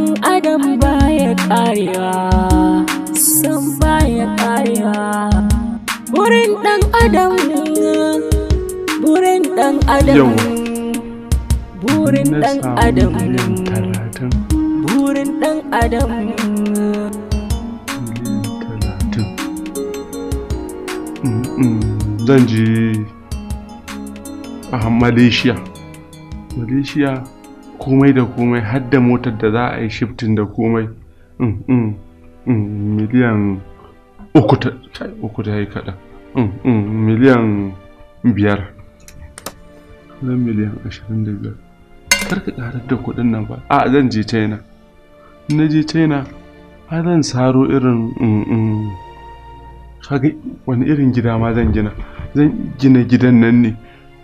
dan adam baya karewa san baya karewa burin dan adam burin dan adam burin dan adam burin dan adam zan je a ah, malaysia malaysia komai da komai har da motar da za a yi shiftin da komai mm, mm, mm, miliyan uku ta yi kaɗan miliyan biyar na miliyan ashirin da biyar karka ƙarar da kuɗin nan ba a zan je china na je china a zan saro irin kaga wani irin gida ma zan gina zan gina gidan nan ne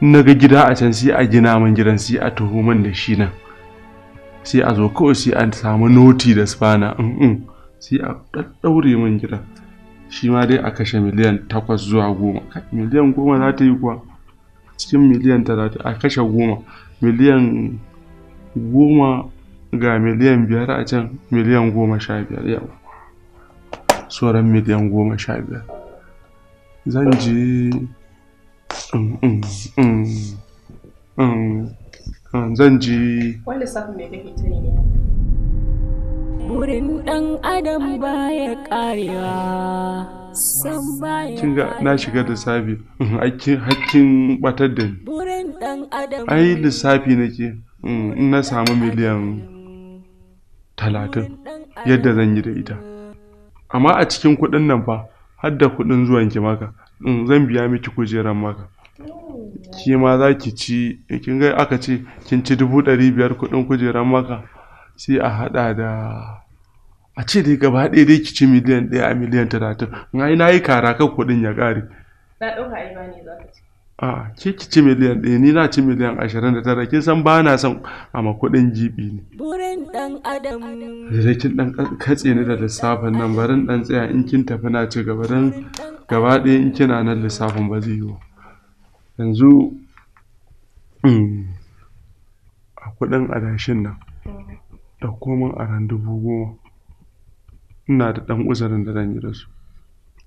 na ga gida a can sai a gina man gidan sai a tuhuman da shi nan sai a zo kawai sai an samu noti da spana sai a ɗaɗɗaure min gidan. shi ma dai a kashe miliyan takwas zuwa goma miliyan goma za ta yi kuwa cikin miliyan talatin a kashe goma miliyan goma ga miliyan biyar a can miliyan goma sha biyar yau sauran miliyan goma sha biyar zan je Hmm, zan ji wani lissafin ne kake ta ne burin dan adam ba ya karewa san baya kin ga na shiga da lissafi hmm, hakkin hakkin batar da ni burin dan adam ai lissafi nake hmm, in na samu miliyan talatin yadda zan yi da ita amma a cikin kuɗin nan fa har da kuɗin zuwan ki maka zan biya miki kujeran maka Kima za ki ci eh, kin ga aka ce kin ci dubu ɗari biyar kuɗin kujerar maka sai a haɗa da a ce dai gaba ɗaya dai ki ci miliyan ɗaya a miliyan talatin na yi na yi kara kan kuɗin ya ƙare na ɗauka ba za ka ci a ke ki ci miliyan ɗaya ni na ci miliyan ashirin da tara kin san ba na son a ma kuɗin jibi ne burin ɗan adam kin ɗan katse ni da lissafin nan barin ɗan tsaya in kin tafi na ci gaba don gaba ɗaya in kina nan lissafin ba zai yi ba yanzu mm, a kuɗin adashin nan komin a aran dubu goma ina da dan uzurin da zan yi da su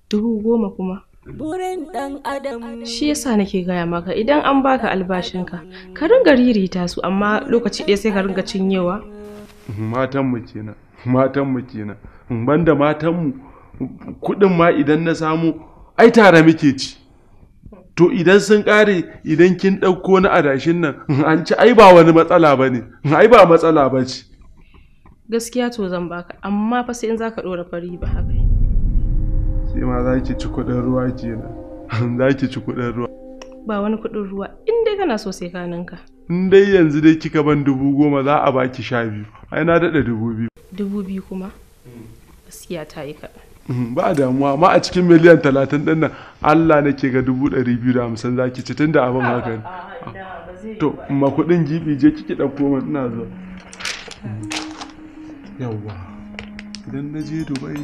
dubu goma kuma burin dan adam shi yasa nake gaya maka idan an baka albashinka ka ringa ririta su amma lokaci ɗaya sai ka ringa cinyewa matanmu kenan matanmu kenan banda matanmu kuɗin ma idan na samu ai tare muke ci to idan sun ƙare idan kin ɗauko na adashin nan an ci ai ba wani matsala ba ne ai ba matsala ba ce gaskiya to zan baka amma fa sai in za ka ɗora fari ba haka sai ma za ki ci kuɗin ruwa kenan za ki ci kuɗin ruwa ba wani kuɗin ruwa in dai kana so sai ka ninka in dai yanzu dai kika ban dubu goma za a baki sha biyu ai na daɗa dubu biyu dubu biyu kuma mm. gaskiya ta yi kaɗan Mhm, ba damuwa ma a cikin miliyan talatin din nan Allah nake ga dubu ɗari biyu da hamsin za ki ci tun da abin haka to ma kuɗin jibi je kiki ɗauko min ina zuwa yawwa idan na je dubai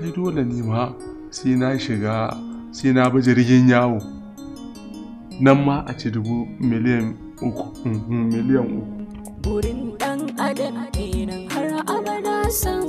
ai dole ne ma sai na shiga sai na bi jirgin yawo nan ma a ci dubu miliyan uku mhm, miliyan uku burin dan adam kenan har abada san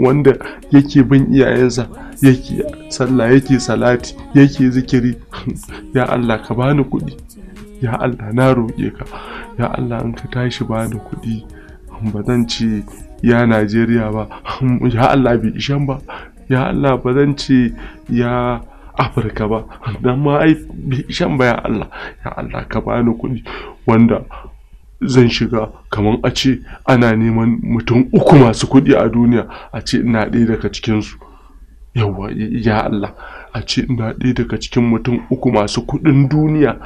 wanda yake bin iyayensa yake sallah yake salati yake zikiri ya Allah ka bani kuɗi ya Allah na roƙe ka ya Allah in ka tashi bani kuɗi ba zan ce ya Najeriya ba ya Allah bai ishan ba ya Allah ba zan ce ya Afirka ba dan ma ai bai ishan ba ya Allah ya Allah ka bani kuɗi wanda zan shiga kamar a ce ana neman mutum uku masu kuɗi a duniya a ce ina ɗaya daga cikinsu yawwa ya Allah a ce ina ɗaya daga cikin mutum uku masu kuɗin duniya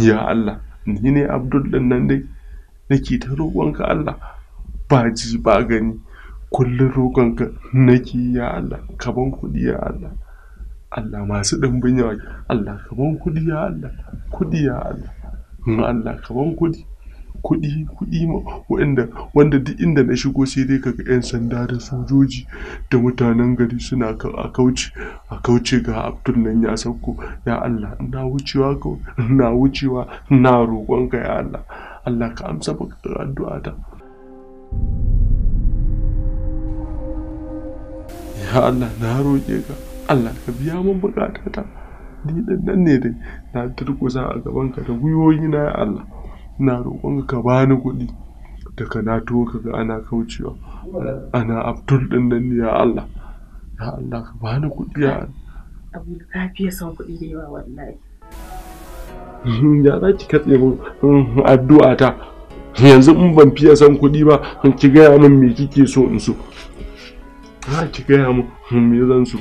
ya Allah ni ne abdul nan dai nake ta roƙonka Allah ba ji ba gani kullum roƙonka nake ya Allah ka ban kuɗi ya Allah Allah masu ɗimbin yawa Allah ka ban kuɗi ya Allah kuɗi ya Allah Allah ka ban kuɗi kuɗi kuɗi ma waɗanda wanda duk inda na shigo sai dai kaga 'yan sanda da sojoji da mutanen gari suna kan a kauce a kauce ga Abdul nan ya sauko ya Allah ina wucewa kawai ina wucewa ina roƙonka ya Allah Allah ka amsa addu'a ta. ya Allah na roƙe ka Allah ka biya min buƙatata ni ɗan nan ne dai na turkusa a gaban ka da gwiwoyi na ya Allah ina roƙon ka bani kuɗi daga na ka kaga ana kaucewa ana abdul din nan ne ya Allah ya Allah ka bani kuɗi ya Allah abu ka fiye son kuɗi da yawa wallahi ya za ki katse min mm, addu'a ta yanzu in ban fiye son kuɗi ba ki gaya min me kike so in so za ki gaya min mm, me zan so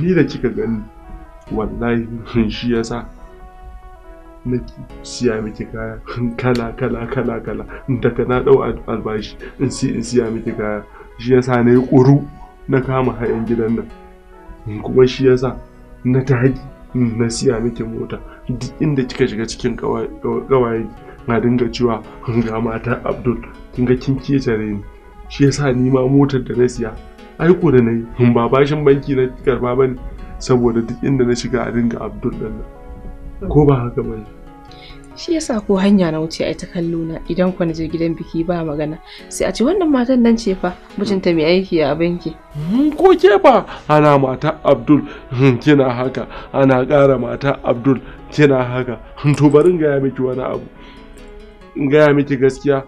ni da kika gani wallahi shi yasa na siya miki kaya kala kala kala kala daga na dau albashi in si in siya miki kaya shi yasa na yi ƙuru na kama hayan gidan nan kuma shi yasa na taji na siya miki mota duk inda kika shiga cikin gawaye na dinga cewa ga mata abdul kin ga kin ni shi yasa ni ma motar da na siya aiko da nayi yi ba bashin banki na karba bane saboda duk inda na shiga a dinga abdul ɗin nan ko ba haka ba ne. shi yasa ko hanya na wuce a ta kallo na idan ku je gidan biki ba magana sai a ce wannan matan nan ce fa mijinta mai aiki a banki hmm, ko ke fa ana mata abdul hmm, kina haka ana kara mata abdul kina haka hmm, to bari gaya miki wani abu gaya miki gaskiya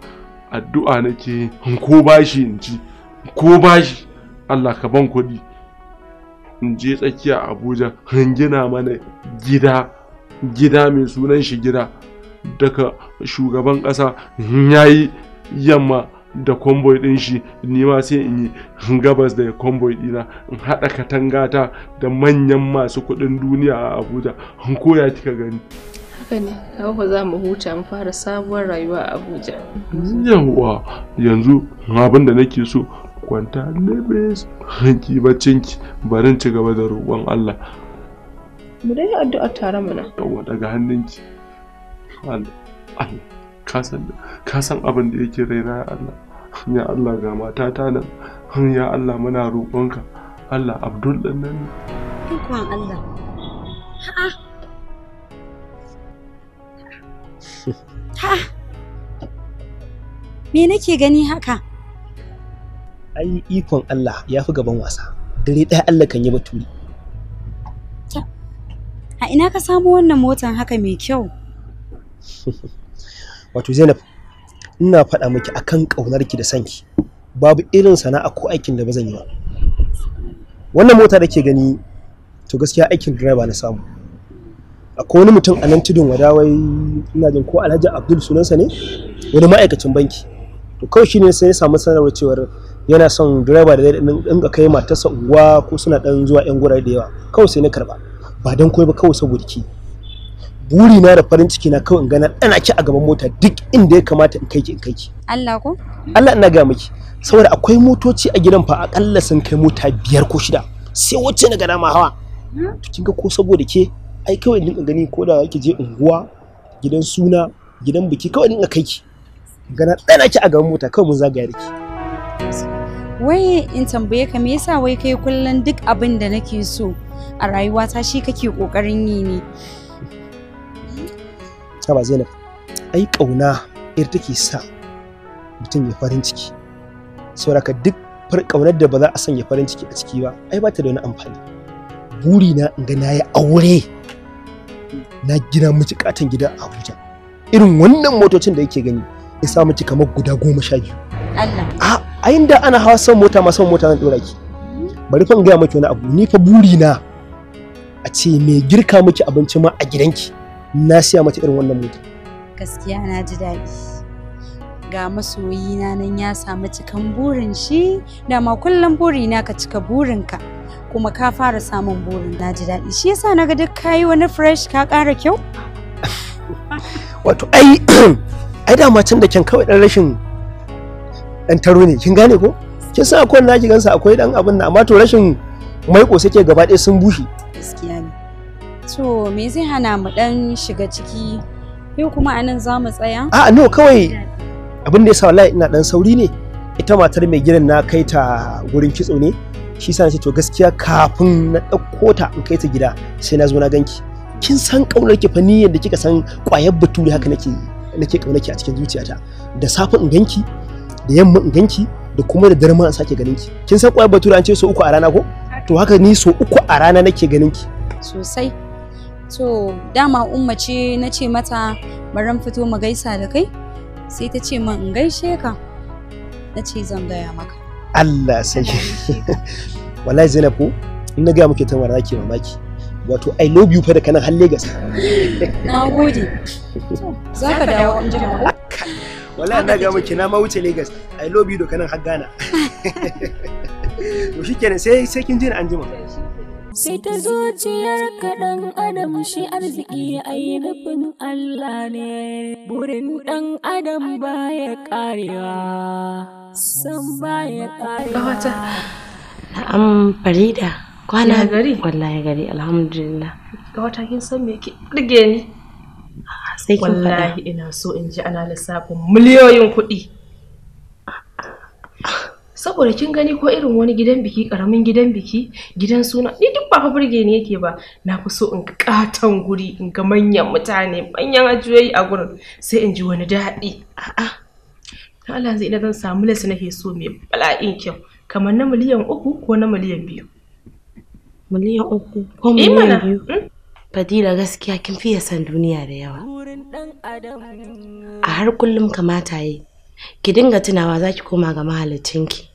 addu'a nake ko bashi in ci ko bashi Allah ka ban kuɗi in je tsakiya Abuja gina mana gida gida mai sunan shi gida daga shugaban ƙasa ya yi yamma da convoy ɗin shi nima sai in yi gabas da convoy ɗina in haɗa katangata da manyan masu kuɗin duniya a abuja in koya kika gani haka ne ba za mu huta mu fara sabuwar rayuwa a abuja yawa yanzu abin da nake so kwanta lebes hanki baccinki barin ci gaba da roƙon allah mu dai addu'a tare mana yawwa daga hannunki Allah ka san abin da yake raina ya Allah ya Allah ga ta nan ya Allah muna roƙonka Allah Abdul ɗan nan ikon Allah ha me nake gani haka ai ikon Allah ya fi gaban wasa dare ɗaya Allah kan yi baturi A ina ka samu wannan motan haka mai kyau? Wato Zainab, ina faɗa miki akan ƙaunarki da sanki. Babu irin sana'a ko aikin da ba zan yi ba. Wannan mota da ke gani to gaskiya aikin direba na samu. Akwai wani mutum a nan tudun wadawai ina jin ko Alhaji Abdul sunansa ne wani ma'aikacin banki. To kawai shine sai ya samu sanarwar cewar yana son direba da zai dinga kai matarsa uwa ko suna dan zuwa yan gurare da yawa kawai sai na karba ba don koyi ba kawai saboda ki buri na da farin ciki na kawai in gana dana ki a gaban mota duk inda ya kamata in kai ki in kai ki Allah ko Allah ina ga miki saboda akwai motoci a gidan fa akalla sun kai mota biyar ko shida sai wacce na gana ma hawa hmm? to kin ga ko saboda ke ai kawai din gani ko da kike je unguwa gidan suna gidan biki kawai dinka kai ki gana ɗana ki a gaban mota kawai mun zagaya da ki wai in tambaye ka me yasa wai kai kullum duk abin da nake so a rayuwata shi kake kokarin yi ne ba Zainab ai kauna ir take sa mutum ya farin ciki sauraka duk far kaunar da ba za a sanya farin ciki a ciki ba ai ba ta da wani amfani buri na in ga na yi aure na gina miki katon gida a Abuja irin wannan motocin da yake gani ya sa miki kamar guda goma sha biyu Allah a inda ana hawa son mota ma mota zan dora ki bari fa gaya miki wani abu ni fa buri na a ce me girka miki abinci ma a gidanki na siya mata irin wannan mota gaskiya na ji daɗi ga masoyina nan ya samu cikan burin shi dama kullum burina ka cika burinka kuma ka fara samun burin na ji daɗi shi yasa na ga duk kayi wani fresh ka ƙara kyau wato ai ai dama can da kyan kawai ɗan rashin dan taro ne kin gane ko kin san akwai wanda zaki gansa akwai dan abin nan amma to rashin sai suke gaba ɗaya sun bushe gaskiya ne to me zai hana mu dan shiga ciki kuma anan za mu tsaya a no kawai abin da yasa wallahi ina dan sauri ne ita matar mai gidan na kai ta gurin kitso ne shi sa ce to gaskiya kafin na ɗauko ta in kai ta gida sai na zo na ganki kin san ƙaunar ki fa ni yadda kika san kwayar bature haka nake nake ƙaunar ki a cikin zuciyata da safe in ganki da yamma in ganki da kuma da dare ma in sake ganin ki kin san kwaya batura an ce so uku a rana ko to haka ni so uku a rana nake ganin ki sosai to dama umma ce na ce mata bari fito mu gaisa da kai sai ta ce min in gaishe ka na ce zan gaya maka Allah sai wallahi ko in na gaya muke ta mara zaki mamaki wato I love you fa da kanan har Lagos. Na gode. Za ka dawo an jima ko? wala na ga miki na ma wuce Lagos I love you dokanin har Ghana to shikenan sai sai kin ji an jima sai ta zuciyar kaɗan adam shi arziki ai nufin Allah ne burin ɗan adam baya karewa san baya karewa am farida kwana gari wallahi gari alhamdulillah ga wata kin san me ke dige ni sai kin faɗa wallahi ina so in ji ana lissafin miliyoyin kuɗi saboda kin gani ko irin wani gidan biki karamin gidan biki gidan suna ni duk ba fa burge ne yake ba na fi so in katon guri in ga manyan mutane manyan ajiyoyi a gurin sai in ji wani daɗi a'a Allah zai ina zan samu lasu nake so mai bala'in kyau kamar na miliyan uku ko na miliyan biyu miliyan uku ko eh miliyan biyu hmm? Fadila gaskiya kin fiye san duniya da yawa. A har kullum kamata yi, ki dinga tunawa za ki koma ga mahalicinki.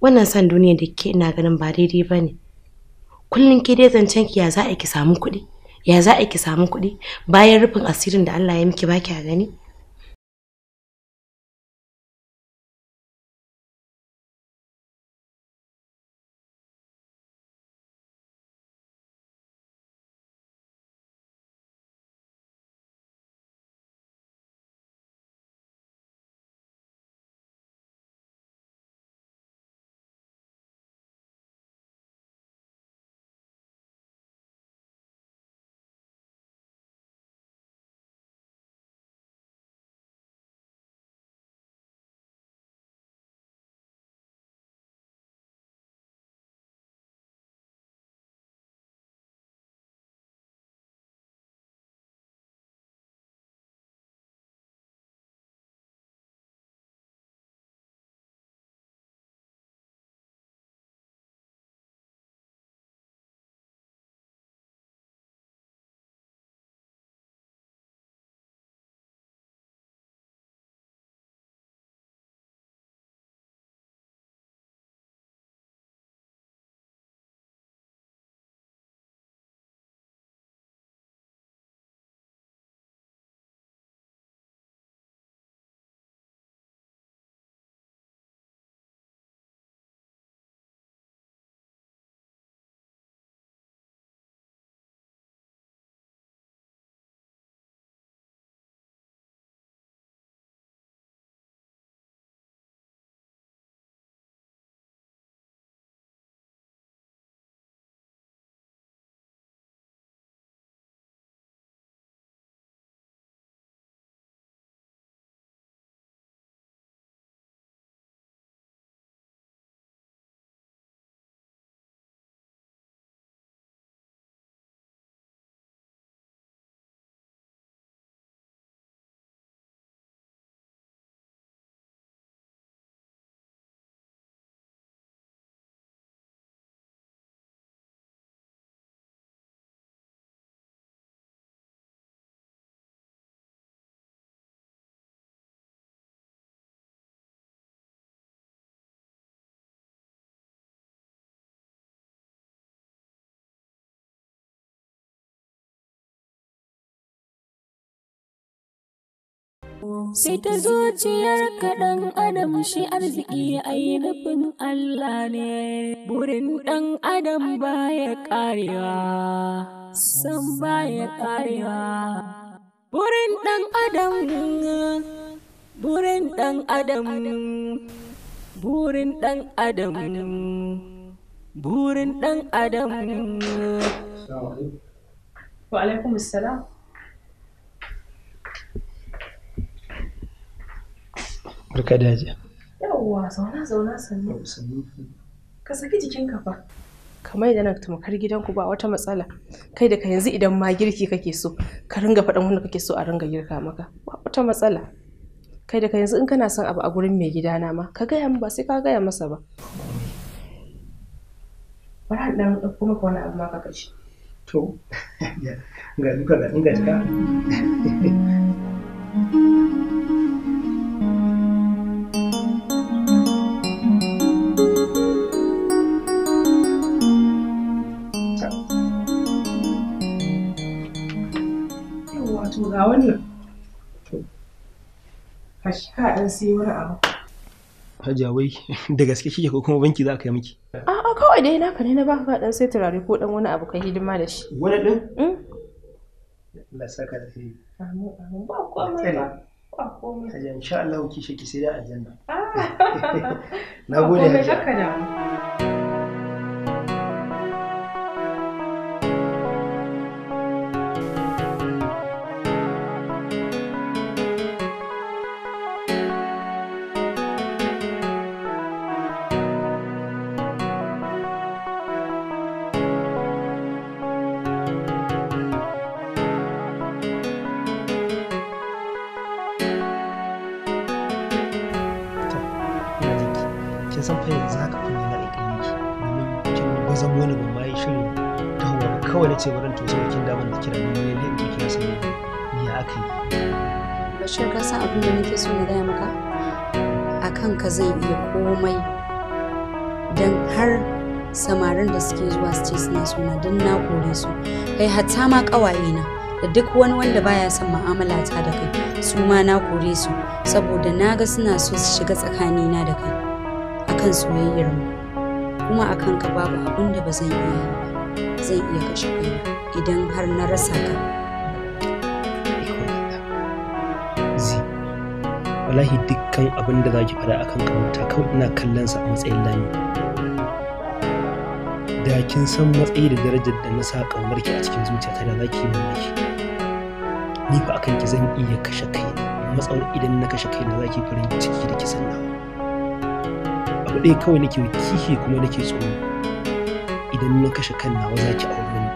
Wannan san duniya da ke ina ganin ba daidai ba ne. Kullum ki dai zancen ki ya za ki samu kuɗi, ya za ki samu kuɗi bayan rufin asirin da Allah ya miki baki a gani. sai ta zuciyar kaɗan adam shi arziki ai nufin Allah ne burin ɗan adam ya ƙarewa san ya ƙarewa burin ɗan adam burin ɗan adam burin ɗan adam burin ɗan adam wa alaikum assalam Afirka da yaji yawwa zauna zauna sannu ka saki ka fa kamar yadda na tumakar gidanku ba wata matsala kai da ka yanzu idan ma girki kake so ka ringa faɗan wanda kake so a ringa girka maka ba wata matsala kai da ka yanzu in kana son abu a gurin mai gidana ma ka gaya min ba sai ka gaya masa ba bari ɗan ɗauko maka wani abu ma ka kashi to ga duka ga inga ta ga wannan ka shi ka ɗan sai wani abu Hajiya wai da gaske kike ko kuma banki za ka yi miki? A'a kawai dai naka ne na ba ka dan sai turare ko ɗan wani abu ka hidima da shi. Wani din? Hmm? Allah saka da kai. Amin amin ba komai ba. Ba komai. Hajiya insha Allah ki shi sai da aljanna. Ah. Na gode Hajiya. Haka da mu. su kai hatta ma ƙawayena da duk wani wanda baya son mu'amala ta da kai su ma na kore su saboda na ga suna so su shiga tsakanina da kai akan soyayyar mu kuma akan ka babu abin da ba zan iya ba zan iya kashe kai idan har na rasa ka wallahi dukkan abin da zaki faɗa akan kawuta kawai ina kallon sa a matsayin lami da kin san matsayi da darajar da na sa ƙaunarki a cikin ta da za ki yi mamaki ni fa akan ki zan iya kashe kai matsawar idan na kashe kai na za ki farin ciki da kisan na abu ɗaya kawai nake kihi kuma nake tsoro idan na kashe kan nawa za ki aure ni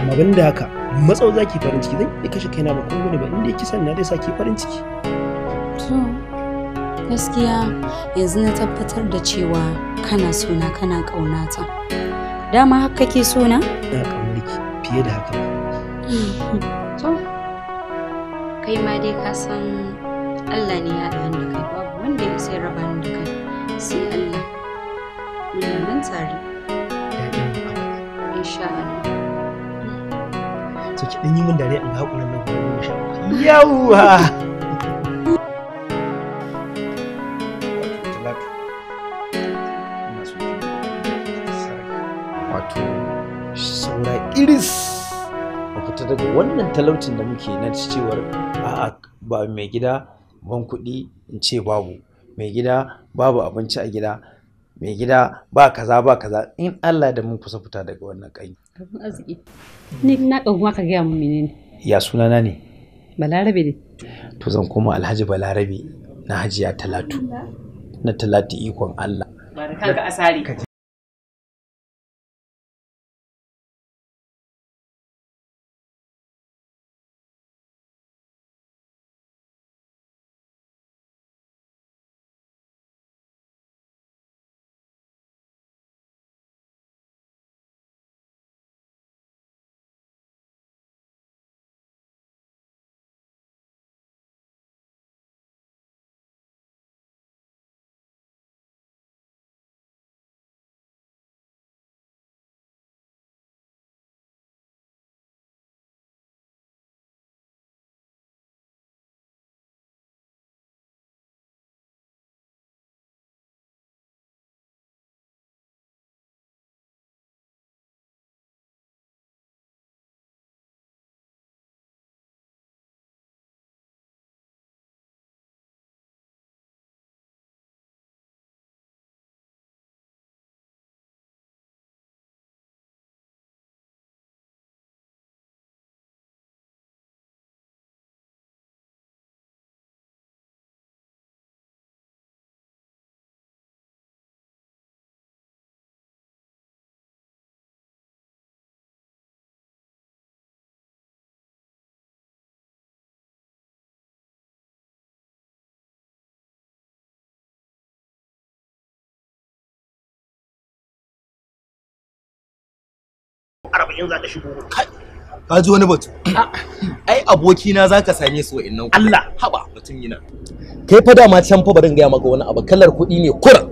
amma ban da haka matsawar za ki farin ciki zan iya kashe kai na ba kuma ba inda kisan na dai sa ki farin ciki gaskiya yanzu na tabbatar da cewa kana suna kana ta dama haka kake suna? ina ƙaunarki fiye da haka ba to kai ma dai ka san Allah ne ya haɗa da kai babu wanda ya sai raba ni da kai sai Allah mun nan tare insha Allah to ki dan yi min dariya in haƙurin nan ko insha Allah yawwa wannan talaucin da muke na cewar a ba mai gida ban kuɗi in ce babu mai gida babu abinci a gida mai gida ba kaza ba kaza in Allah da mun kusa fita daga wannan kai arziki ni na ɗauka ka gaya mun menene ya na ne balarabe ne to zan koma alhaji balarabe na hajiya talatu na talatu ikon Allah barka ka asari arba'in za ta shigo ka ji wani batu ai aboki na zaka same su wa'annan Allah haba mutum yana kai fa dama can fa barin gaya maka wani abu kallar kuɗi ne kura.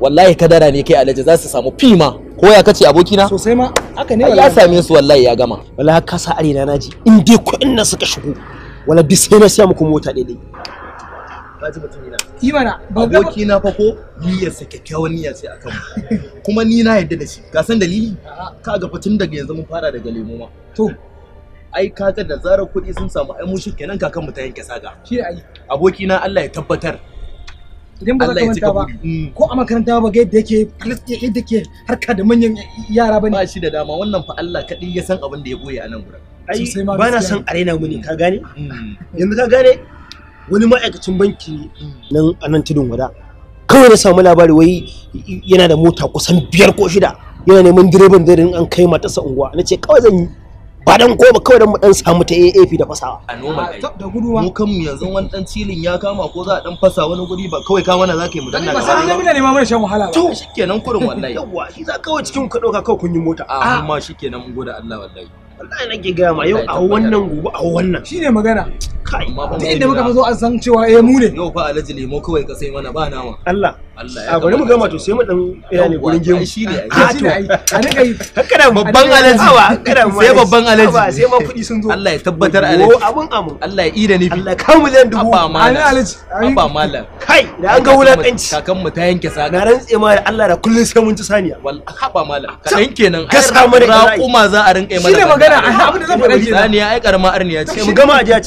wallahi kadara ne kai alaji za su samu fima ko ya kace aboki na sosai ma haka ne ya same su wallahi ya gama wallahi ka sa arena naji in dai kuɗin nan suka shigo wala bisai na siya muku mota dai ka ji mutum ina imana aboki na fa ko niyyarsa kyakkyawan niyya ce akan kuma ni na yadda da shi ga san dalili ka ga fatin daga yanzu mun fara daga lemo ma to ai kaga da zarar kuɗi sun samu ai mu shi kenan kakan mu ta yanke saga shi ai aboki na Allah ya tabbatar idan ba za ka ba mm. ko a makaranta ba ga yadda yake yadda yake harka da manyan yara bane ba shi da dama wannan fa Allah kadai ya san abin da ya goye a nan gurin ai ba na san arena mu ka gane mm. yanzu ka gane wani ma'aikacin banki nan a nan tudun wada kawai na samu labari wai yana da mota kusan biyar ko shida yana neman direban zai an kai sa unguwa na ce kawai zan yi ba dan ko ba kawai dan mu dan samu ta AAP da fasawa a noma ai da guduwa mu kanmu yanzu wani dan cilin ya kama ko za a dan fasa wani guri ba kawai ka mana zaka yi mu danna ba sai mun nema mana shan wahala to shikenan kurin wallahi yawa shi za kawai cikin ku dauka kawai kun yi mota a amma shikenan mun gode Allah wallahi wallahi nake gaya ma yau a wannan gobe a wannan shine magana kai da inda muka fi zo an san cewa eh mu ne yau fa alhaji lemo kawai ka sai mana ba nama Allah Aa ah, bari mu gama sai mu dan ne gurin gemu shi ne a to a nika yi kada babban alaji sai babban alaji sai ma sun zo Allah ya tabbatar alaji abun amun Allah ya Allah ka miliyan dubu alaji malam kai da an ga wulakanci kakan mu ta yanke saka da Allah da kullun sai mun ci saniya malam kenan da a rinka yi mana shi ne magana abin da zan faɗa saniya ai karama arniya ce mu gama ji a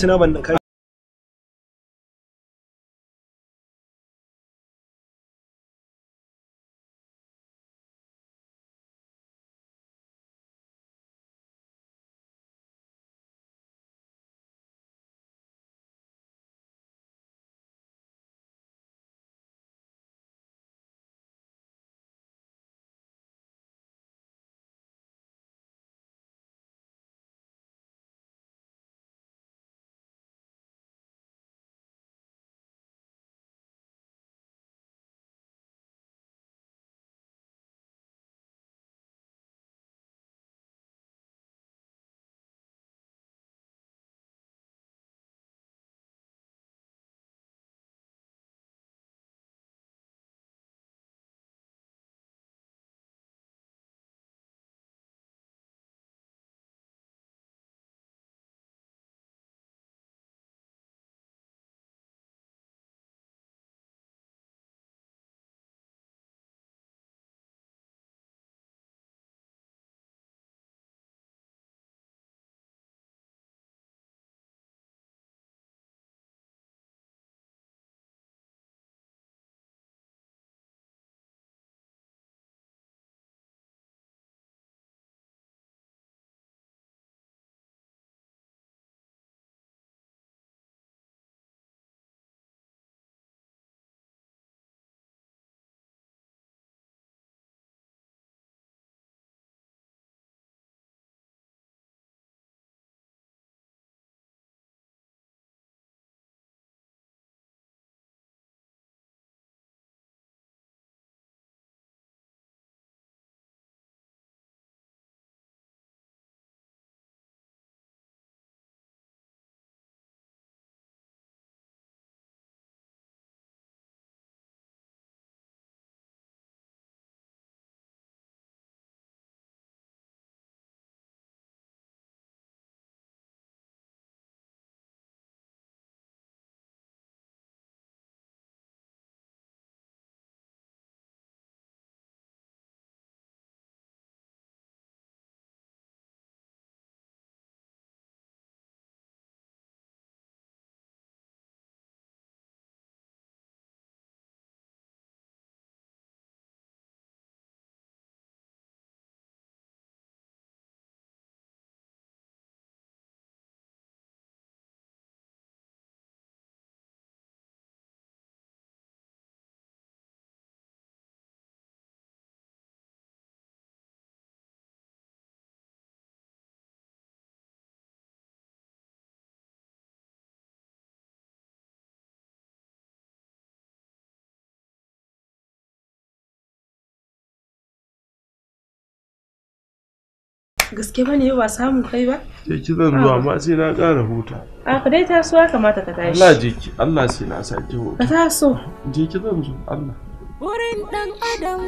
gaske ba ne ba samun kai ba ke ki zan zuwa amma sai na ƙara huta a ka dai ta suwa kamata ka tashi Allah je ki Allah sai na sake huta ka taso je ki zan zo Allah wurin dan adam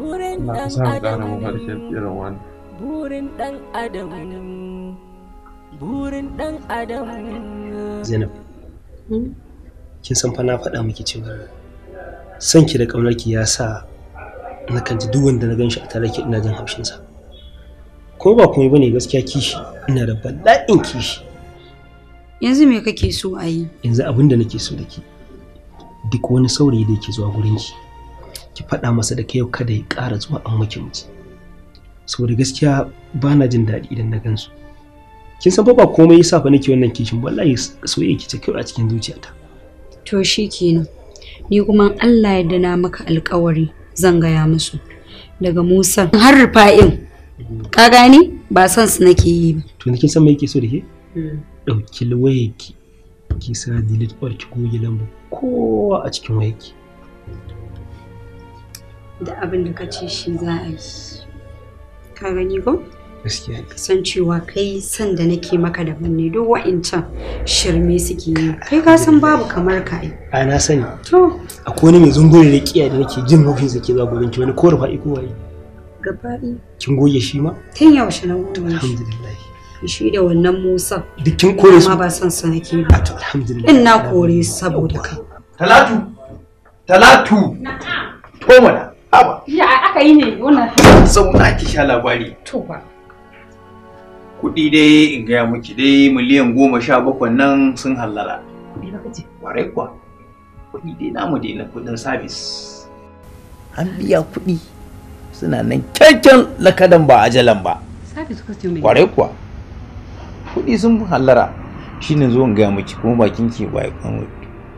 wurin dan adam irin wani burin dan adam burin dan adam Zainab hmm? kin san fa na faɗa miki cewa son ki da ƙaunar ki ya sa na kan ji duk wanda na gan shi a tare ki ina jin haushinsa. sa ko ba kuma bane gaskiya kishi ina da bala'in kishi yanzu me kake so a yi yanzu abin da nake so da ke duk wani saurayi da yake zuwa gurin ki ki faɗa masa da kai kada ya ƙara zuwa an maki mutu. saboda gaskiya ba na jin daɗi idan na gansu kin san ba komai yasa fa nake wannan kishin wallahi soyayya ki ta a cikin zuciyata to shi kenan, ni kuma Allah ya dana maka alƙawari zan gaya musu daga Musa har Rufa'in ka gani ba son su nake yi ba to nake kin san me yake so da ke dauki hmm. wayarki ki sa delete or ki goge lambar kowa a cikin wayarki da abin da ka ce shi za a yi ka gani ko gaskiya san cewa kai san da nake maka da ne duk wa'incan shirme suke yi kai ka san babu kamar ka ai a na sani to akwai wani mai zungure da kiya da nake jin mafi zake za gurin ki wani ko rufa iko waye gabaɗi kin goge shi ma tun yaushe na goge alhamdulillah shi da wannan musa duk kin kore su ba son su nake ba alhamdulillah in na kore saboda ka? talatu talatu na'am to mana haba ya aka yi ne wannan zauna ki sha labari to ba kuɗi dai in gaya miki dai miliyan goma sha bakwai nan sun hallara. Kuɗi na kace? Warai kuwa. Kuɗi dai namu dai na kuɗin sabis. An biya kuɗi suna nan kyakkyan lakadan ba a ajalan ba kware kuwa kuɗi sun hallara shine zo in gaya miki kuma bakin ki ba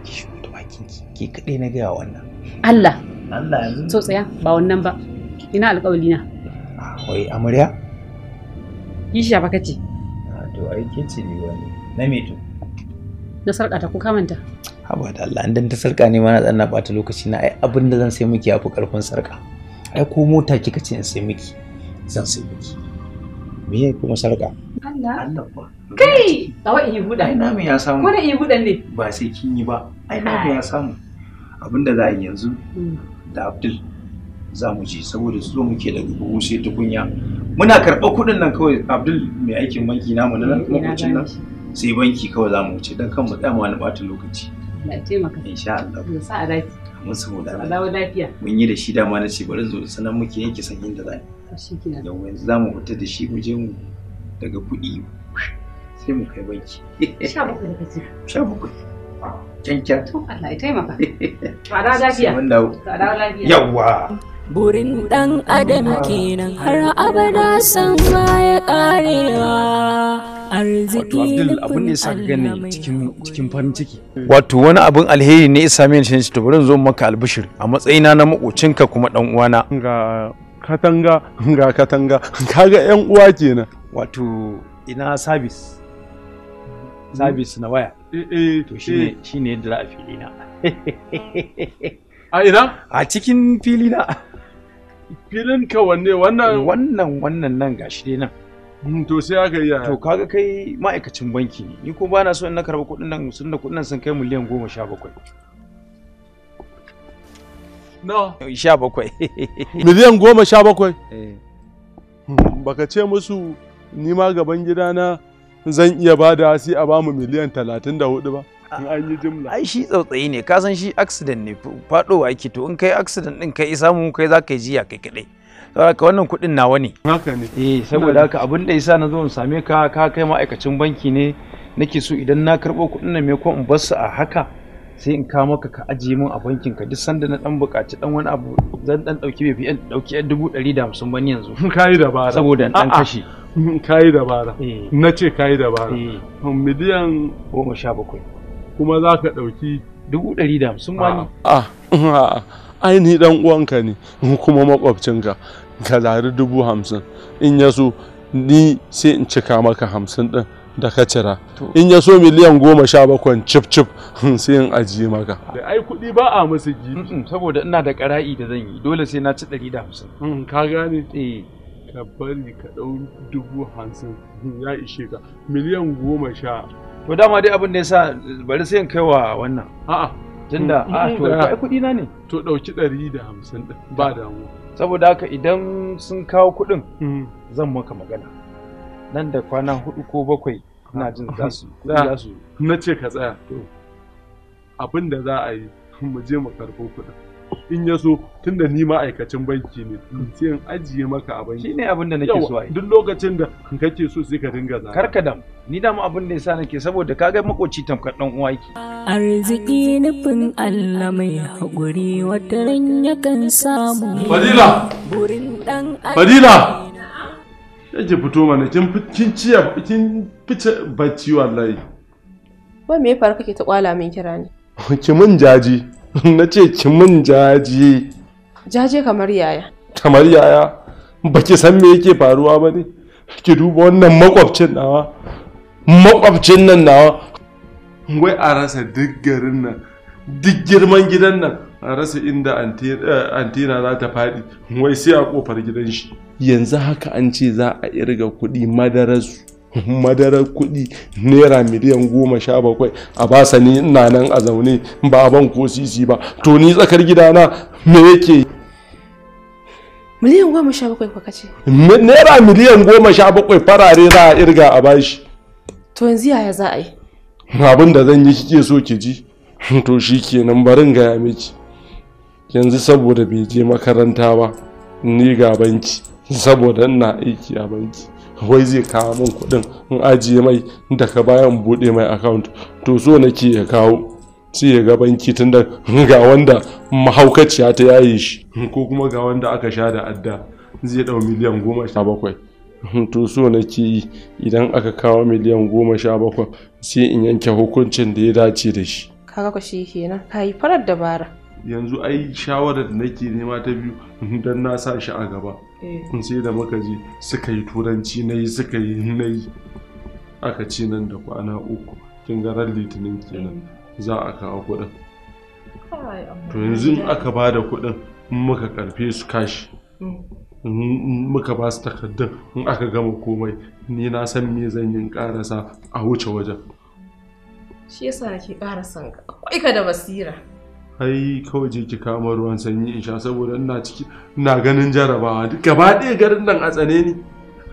ki bakin ki ki na gaya wannan Allah Allah so tsaya ba wannan ba ina alƙawari na ah, wai amarya kishiya ba kace ah, to ai ke ce ni wani na me to na sarka ta ko kamanta? manta haba da Allah an dan ta sarƙa ne ma na tsanna ɓata lokaci na ai abin da zan sai miki yafi karfin sarƙa ai ko mota kika ce in sai miki zan sai miki me yayi kuma sarka Allah Allah kai tawa iya guda ai ya samu iya gudan ne ba sai kin yi ba ai namu ya samu abinda za a yi yanzu hmm. da Abdul za mu je saboda su muke da gugu sai tukunya muna karɓar kuɗin nan kawai Abdul mai aikin banki na na nan eh, kucin nan sai banki kawai za mu wuce don kan mu tsaya wani ɓata lokaci. na ya taimaka. Insha Allah. Sa a dace. mun saboda mun yi da shi dama na ce bari zo sanan muke yanke san da za ni yau yanzu za mu fita da shi mu je mu daga kuɗi sai mu kai banki sha bakwai sha bakwai to Allah ya taimaka tsada lafiya tsada lafiya yawwa burin dan adam kenan har abada san ma ya karewa arziki da abin ne ya saka cikin cikin farin ciki wato wani abin alheri ne isa min shi to bari zo maka albishir a matsayina na makocinka kuma dan uwana ga katanga ga katanga kaga yan uwa kenan wato ina service service na waya eh, eh to shine eh. shine yadda za a fili na a ina a cikin fili na filin ka wanne wannan wannan wannan nan gashi dai nan mm, to sai aka yi to kaga kai ma'aikacin banki ne ni ko ba na so in na karɓi kuɗin nan sun da kuɗin nan sun kai miliyan goma sha bakwai no sha bakwai miliyan goma sha bakwai eh. hmm, baka ce musu ni ma gaban gidana zan iya ba da sai a bamu miliyan talatin da hudu ba an yi jumla ai shi tsautsayi ne kasan shi accident ne fadowa wa to in kai accident din kai samu kai za ka yi jiya kai kadai saboda wannan kuɗin nawa ne haka ne eh saboda haka abin da yasa na zo in same ka ka kai ma'aikacin banki ne nake so idan na karɓo kuɗin nan me ko in bar su a haka sai in kawo maka ka ajiye min a bankin ka duk sanda na dan buƙaci dan wani abu zan dan dauki bai fi dauki yan dubu ɗari da hamsin ba ni yanzu kayi dabara saboda dan kashi kayi dabara eh. na ce kayi dabara eh. miliyan goma sha bakwai kuma za ka ɗauki dubu ɗari da hamsin ma ne. Ah, ah, ah, ai ni dan uwanka ne kuma makwabcinka ka zari dubu hamsin in ya so ni sai in cika maka hamsin ɗin da ka cira in ya so miliyan goma sha bakwai cif cif sai in ajiye maka da ai kuɗi ba a masa gibi mm, mm, saboda ina da ƙara'i da zan yi dole sai na ci ɗari da hamsin mm, ka gane eh ka bari ka ɗau dubu hamsin ya ishe ka miliyan goma sha to dama dai abin da yasa bari sai in kaiwa wannan a'a tunda mm, mm, a ah, to kai mm, kudi na ne to ɗauki ɗari da hamsin ɗin ba damu saboda haka idan sun kawo kuɗin zan maka magana nan da kwana hudu ko bakwai ina ah. jin za su na ce ka tsaya abin da za a yi mu je mu karɓo kuɗin in ya so tunda ni ma'aikacin banki ne sai in ajiye maka a banki shine abin da nake so ai duk lokacin da kake so sai ka dinga zaka karkadam ni da mu abin da yasa nake saboda kaga makoci tamkar dan uwa yake arziki nufin Allah mai hakuri wata ran yakan samu fadila burin dan fadila yake fito mana kin kin ciya kin fice bacci wallahi wai me ya faru kake ta kwala min kira ne ki mun jaji na ce ki mun jaje jaje kamar yaya kamar yaya ba ki san me yake faruwa ba ne ki duba wannan makwabcin nawa makwabcin nan nawa wai a rasa duk garin nan duk girman gidan nan a rasa inda eh, antina za ta faɗi wai sai a ƙofar gidan shi yanzu haka an ce za a irga kuɗi madararsu madarar kuɗi naira miliyan goma sha bakwai a basa ni ina nan a zaune ba a ban ko sisi ba to ni tsakar gidana me yake miliyan goma sha bakwai kwa kace naira miliyan goma sha bakwai farare za a irga a bashi to yanzu yaya za a yi abin da zan yi kike so ki ji to shi nan barin gaya miki yanzu saboda bai je makaranta ba ni ga banki saboda ina aiki a banki wai zai kawo min kuɗin in ajiye mai daga bayan buɗe mai account to so nake ya kawo sai ya ga banki tun da ga wanda mahaukaciya ta yayi shi ko kuma ga wanda aka sha da adda zai dau miliyan goma sha bakwai to so nake yi idan aka kawo miliyan goma sha bakwai sai in yanke hukuncin da ya dace da shi kaga ku shi kenan ka yi farar dabara yanzu ai shawarar da nake nema ta biyu don na sa shi a gaba eh. in sai da muka je suka yi turanci na yi suka yi na yi aka ci nan da kwana uku kin ga litinin kenan eh. za a kawo kuɗin to yanzu aka ba da kuɗin in muka karfe su kashi mm. in muka ba su takardun in aka gama komai ni na san me zan yi karasa a wuce wajen shi yasa nake ƙara son ka akwai ka da basira ai kawai je ki kama ruwan sanyi in sha saboda ina ciki ina ganin jarabawa gaba ɗaya garin nan a tsane ni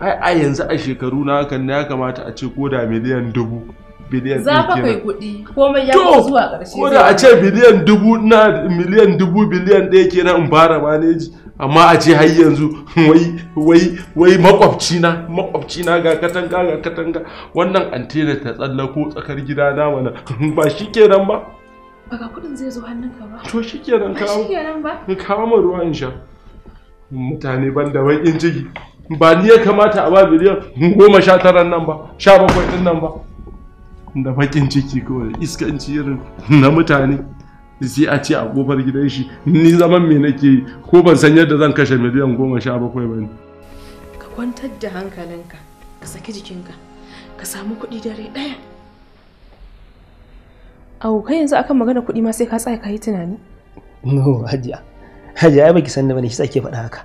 ai a yanzu a shekaru na hakan ya kamata a ce koda miliyan dubu biliyan za fa kai kuɗi komai ya zuwa ƙarshe koda a ce biliyan dubu na miliyan dubu biliyan ɗaya kenan in fara maneji amma a ce har yanzu wai wai wai makwabci na makwabci na ga katanga ga katanga wannan antena ta tsallako tsakar gida na mana ba shi kenan ba ba ga kuɗin zai zo hannunka ba to shikenan ka shikenan ba in kawo mu ruwa in sha mutane ban da bakin ciki ba ni ya kamata a ba biliyan goma sha tara nan ba sha bakwai din nan ba da bakin ciki kawai iskanci irin na mutane sai a ce a kofar gidan shi ni zaman me nake yi? ko ban san yadda zan kashe miliyan goma sha bakwai ba ne ka kwantar da hankalinka ka saki jikinka ka samu kuɗi dare ɗaya Au, kai yanzu akan magana kuɗi ma sai ka tsaya ka yi tunani. No, Hajiya. Hajiya ai baki san da bane shi ke faɗa haka.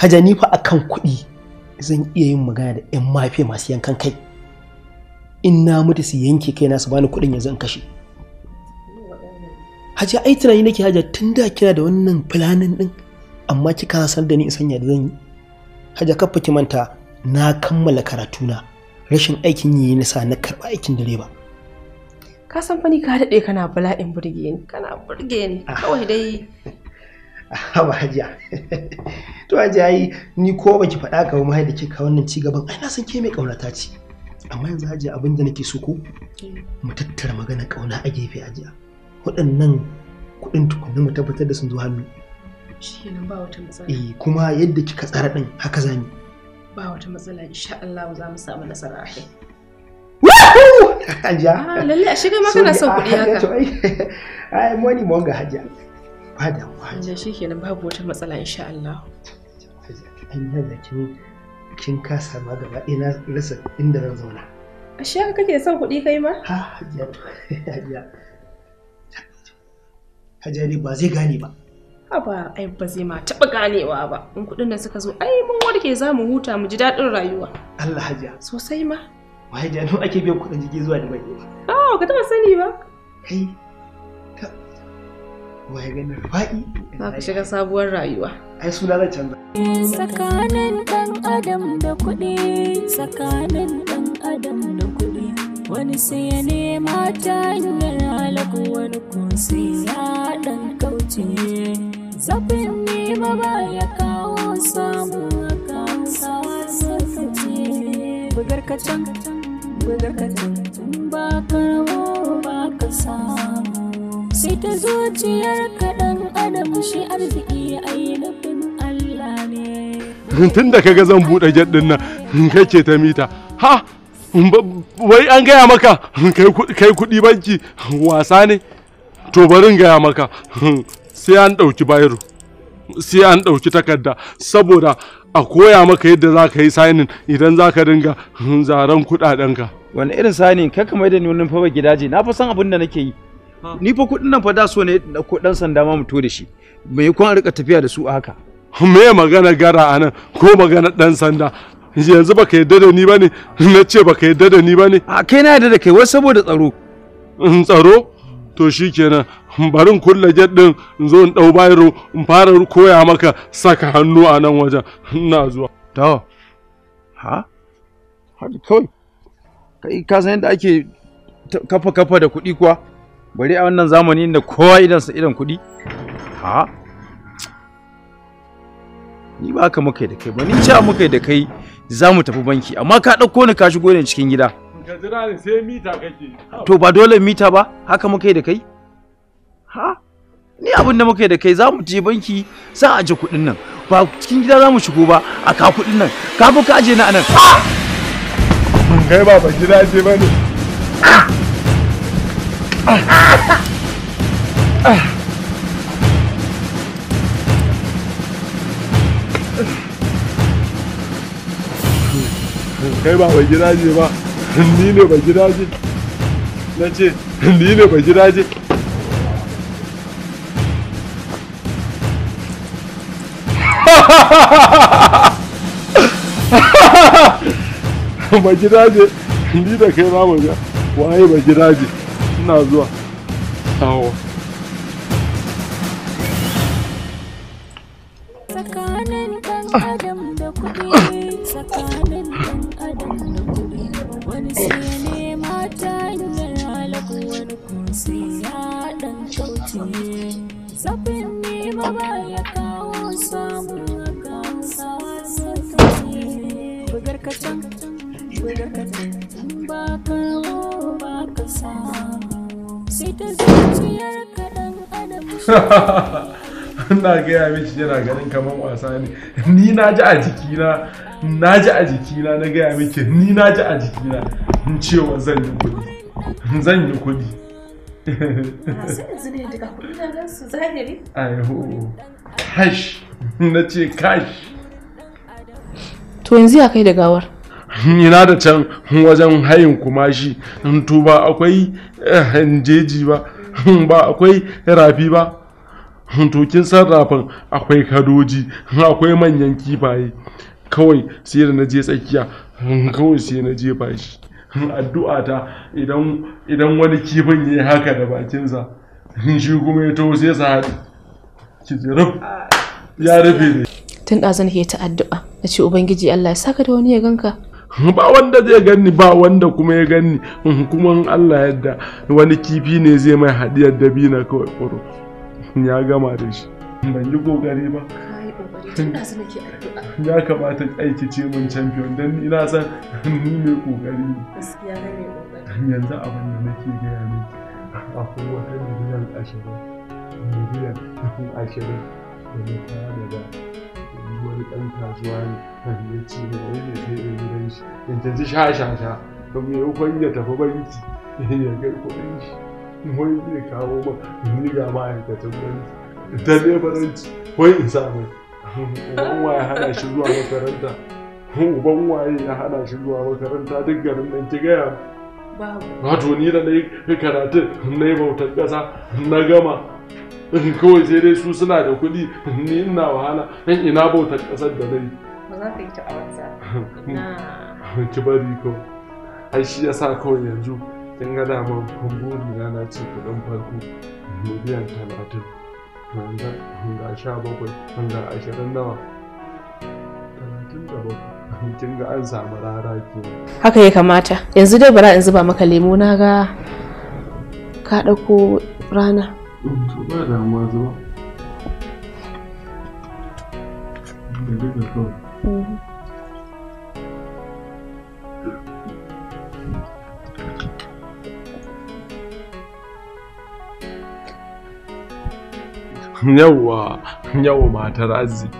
Hajiya ni fa akan kuɗi zan iya yin magana da ƴan mafi masu yankan kai. In na mutu su yanke na su bani kuɗin yanzu in kashe. Hajiya ai tunani nake Hajiya tun da kina da wannan filanin ɗin? amma kika san da ni in sanya da zan yi. Hajiya kafa ki manta na kammala karatuna rashin aikin yi nisa na karɓa aikin direba. ka san fani ka daɗe kana bala'in burge ni kana burge ni ah. kawai dai ba hajiya to hajiya yi ni ko baki faɗa ga mu da ka wannan ci gaban ai na san ke mai ta ce amma yanzu hajiya abin da nake so ko mm. mu tattara magana kauna a gefe hajiya waɗannan kuɗin tukunna mu tabbatar da sun zo hannu shikenan ba wata matsala eh kuma yadda kika tsara din haka zamu ba wata matsala insha Allah za mu samu nasara a kai hajiya ah, lalle a shiga ma kana son kuɗi haka ai moni mon ga hajiya ba da mu hajiya shikenan babu wata matsala insha Allah ai da kin kin kasa ma gaba ɗaya na rasa inda zan zauna a shi haka kake son kuɗi kai ma ha hajiya hajiya hajiya ne ba zai gane ba ba ai ba zai ma taɓa ganewa ba in kuɗin da suka zo ai mun warke za mu huta mu ji daɗin rayuwa Allah hajiya sosai ma Waye da nan ake biyan kuɗin jirgi zuwa Dubai. Oh, ka taɓa sani ba? Kai, ka wai ganin fa'i. Za ka shiga sabuwar rayuwa. Ai suna zan canza. Tsakanin ɗan adam da kuɗi, tsakanin ɗan adam da kuɗi. Wani sai ya nema ta hanyar halaku wani kunsi ya ɗan kauce. Zafin nema ba ya kawo samu a kawo sawa bugar ka can bugar ka can ka rawo tun da kaga zan bude jet din nan kake ta mita ha wai an gaya maka kai kuɗi banki wasa ne to barin gaya maka sai an ɗauki bayro sai an ɗauki takarda saboda a koya maka yadda za ka yi sainin idan za ka dinga zaren ka. wani irin sani kai kamar da ni wani fa gidaje na fa san abin da nake yi ni fa kuɗin nan fa da so ne da ko sanda ma mutu da shi me kun rika tafiya da su a haka me magana gara anan ko magana dan sanda yanzu baka yadda da ni bane na ce baka yadda da ni bane a kai na yadda da kai wai saboda tsaro tsaro to shikenan barin kulle jet din in zo in dau bayro in fara koya maka saka hannu a nan wajen ina zuwa to ha ha, kawai kai ka san yadda ake kafa kafa da kuɗi kuwa bari a wannan zamanin da kowa idan sa idan kuɗi ha ni ba ka muka da kai ba ni ce muka da kai za mu tafi banki amma ka ɗauko ni ka shigo ne cikin gida ka jira ne sai mita kake to ba dole mita ba haka muka da kai ha ni abin da muka yi da kai za mu je banki za a aje kuɗin nan ba cikin gida za mu shigo ba a ka kuɗin nan ka fi ka aje na anan ban kai ba ban gida aje ba ne kai ba ban gida aje ba ni ne ban gida na ce ni ne ban gida ba gidaje ni da kai za mu ga waye ba gidaje ina zuwa tawo ga gaya miki yana ganin kamar wasa ne ni na ji a jikina na ji a jikina na gaya miki ni na ji a jikina in cewa zan yi kuɗi zan yi kuɗi sai yanzu ne daga na su zahiri kash na ce kash to yanzu ya kai da gawar ina da can wajen hayin kumashi in tuba akwai eh, jeji ba ba akwai rafi ba to kin sarrafin akwai kadoji akwai manyan kifaye kawai sai da na je tsakiya kawai sai na je bashi addu'a ta idan wani kifin ya yi haka da bakinsa shi kuma ya taho sai sa haɗi ki ya rufe ne tun da zan ta addu'a na ce ubangiji allah ya saka da wani ya ganka ba wanda zai ganni ba wanda kuma ya ganni kuma allah yadda wani kifi ne zai mai hadiyar dabina kawai kwaro ya gama da shi ban yi kokari ba ya kamata aiki ce mun champion don ina san ni mai kokari ne yanzu abin da nake gaya ne akwai wata miliyan ashirin miliyan ashirin da na fara daga wani ɗan kasuwa ne ya ce ne wani da gidan shi Yanzu sha sha sha ba mai ya tafi banki ya kai kuɗin shi wai zai kawo ma miga ma'aikatan gwamnati da lebaranci wai in sa mai uban waye hana shi zuwa makaranta uban waye ya hana shi zuwa makaranta duk garin nan ki gaya wato ni da na yi karatu na yi bautar ƙasa na gama kawai sai dai su suna da kuɗi ni ina wahala in ina bautar ƙasar da na yi ba za ka yi ta a wanzar ki bari kawai ai shi sa kawai yanzu kin ga dama kun na na ce kuɗin farko miliyan talatin wanda ga sha bakwai wanda ashirin nawa talatin da bakwai kin ga an samu rara ke haka ya kamata yanzu dai bara in zuba maka lemo na ga ka ɗauko rana ba damuwa zuba da duka yawwa yawwa matar arziki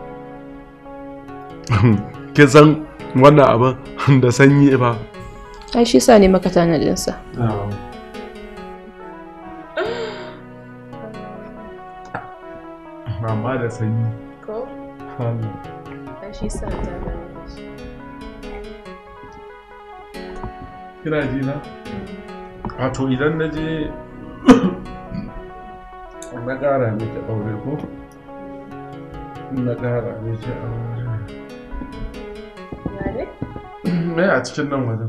ki san wannan abin da sanyi ba ai shi sa ne maka tanadinsa amma da sanyi ko? shi kina ji na? Mm. a to idan na je na ƙara miki aure ko na ƙara miki aure me a cikin nan wajen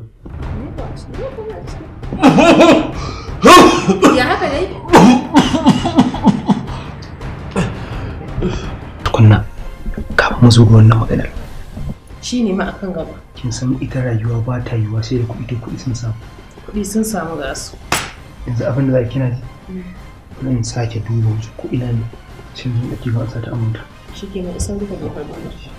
ya haka dai tukunna kafin mu zo ga wannan maganar shi ne ma akan gaba kin san ita rayuwa ba ta yiwa sai da kuɗi kuɗi sun samu kuɗi sun samu ga su yanzu abin da za ki kina ji mm. in sake duba wasu ko ina ne sai mun ake ba sa ta aminta. Shi ke mai sauri ka ɗaukar gwamnati.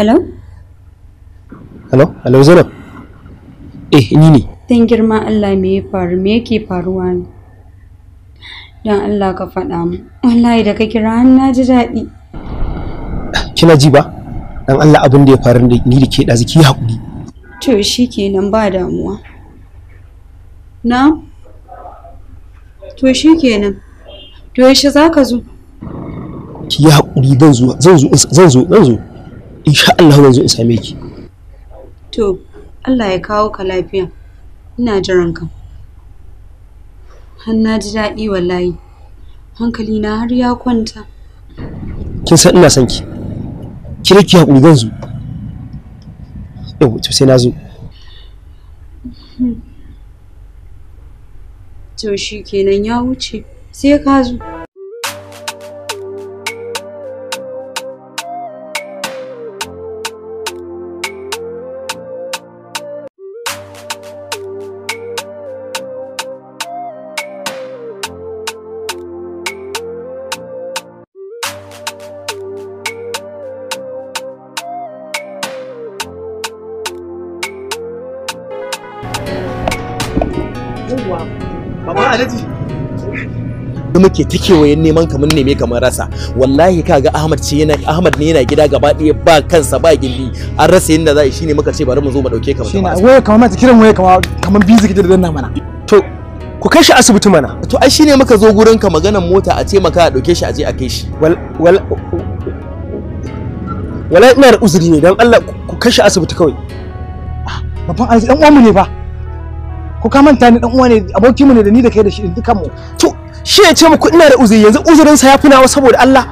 hello hello hello zainab eh ni ne dan girma Allah me ya faru me yake faruwa ne dan Allah ka faɗa mu wallahi da ka kira na ji daɗi kina ji ba dan Allah abin da ya faru da ni da ke ɗazu ki haƙuri to kenan ba damuwa na to shikenan to yaushe ka zo ki yi haƙuri zan zo zan zo zan zo insha Allah zan zo in same ki to Allah ya kawo ka lafiya ina jiran ka har na ji daɗi wallahi hankali na har ya kwanta kin san ina son ki ki rike hakuri zan zo yau to sai na zo to shi kenan ya wuce sai ka zo muke ta kewayen neman ka mun neme ka mun rasa wallahi kaga Ahmad ce yana Ahmad ne yana gida gaba ɗaya ba kansa ba gindi an rasa yanda za a yi shine muka ce bari mu zo mu dauke ka shine waya kamar mata kiran waya kamar kamar bizi kike danna mana to ku kai shi asibiti mana to ai shine muka zo gurin ka maganan mota a ce maka a dauke shi a je a kai shi wal wal wala ina da uzuri ne dan Allah ku kai shi asibiti kawai ah, babban arziki dan uwanmu ne fa ko ka manta ni dan uwa ne aboki mu ne da ni da kai da shi dukkan mu to shi ya ce muku ina da uzuri yanzu uzurin sa ya fi nawa saboda Allah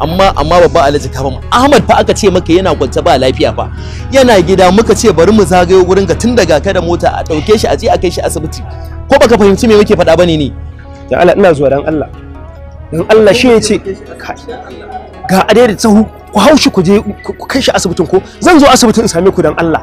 amma amma babba alhaji kafin ahmad fa aka ce maka yana kwance ba lafiya fa yana gida muka ce bari mu zagayo gurin ga tun daga ka da mota a dauke shi a je a kai shi asibiti ko baka fahimci me muke faɗa bane ne dan Allah ina zuwa dan Allah dan Allah shi ya ce ga adai da tsahu ku haushi ku je ku kai shi asibitin ko zan zo asibitin in same ku dan Allah